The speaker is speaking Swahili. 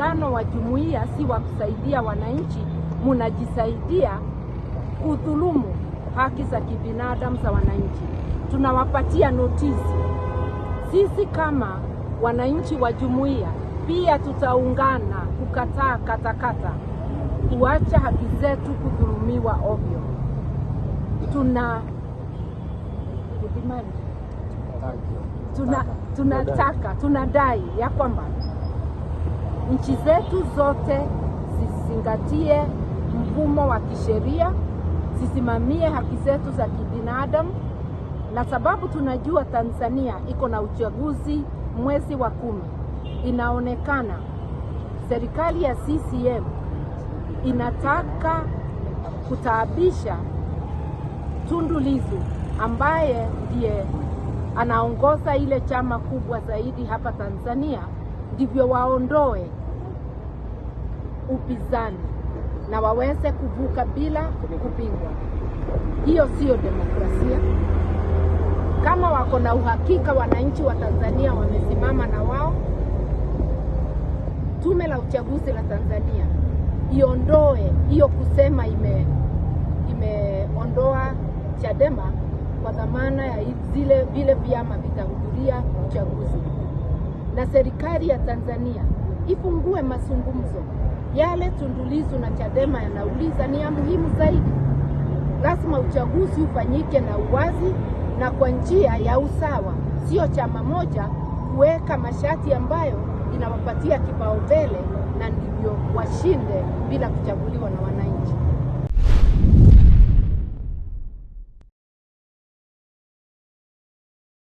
muungano wa jumuiya si wa kusaidia wananchi, munajisaidia kudhulumu haki za kibinadamu za wananchi. Tunawapatia notisi. Sisi kama wananchi wa jumuiya pia tutaungana kukataa katakata, kuacha haki zetu kudhulumiwa ovyo. Tuna tunataka tuna tunadai ya kwamba nchi zetu zote zizingatie mfumo wa kisheria, zisimamie haki zetu za kibinadamu, na sababu tunajua Tanzania iko na uchaguzi mwezi wa kumi, inaonekana serikali ya CCM inataka kutaabisha Tundu Lissu ambaye ndiye anaongoza ile chama kubwa zaidi hapa Tanzania, ndivyo waondoe upinzani na waweze kuvuka bila kupingwa. Hiyo siyo demokrasia. Kama wako na uhakika wananchi wa Tanzania wamesimama na wao, tume la uchaguzi la Tanzania iondoe hiyo kusema ime imeondoa Chadema kwa dhamana ya zile vile vyama vitahudhuria uchaguzi, na serikali ya Tanzania ifungue mazungumzo yale Tundulizo na Chadema yanauliza ni ya muhimu zaidi. Lazima uchaguzi ufanyike na uwazi na kwa njia ya usawa, sio chama moja kuweka masharti ambayo inawapatia kipaumbele na ndivyo washinde bila kuchaguliwa na wananchi.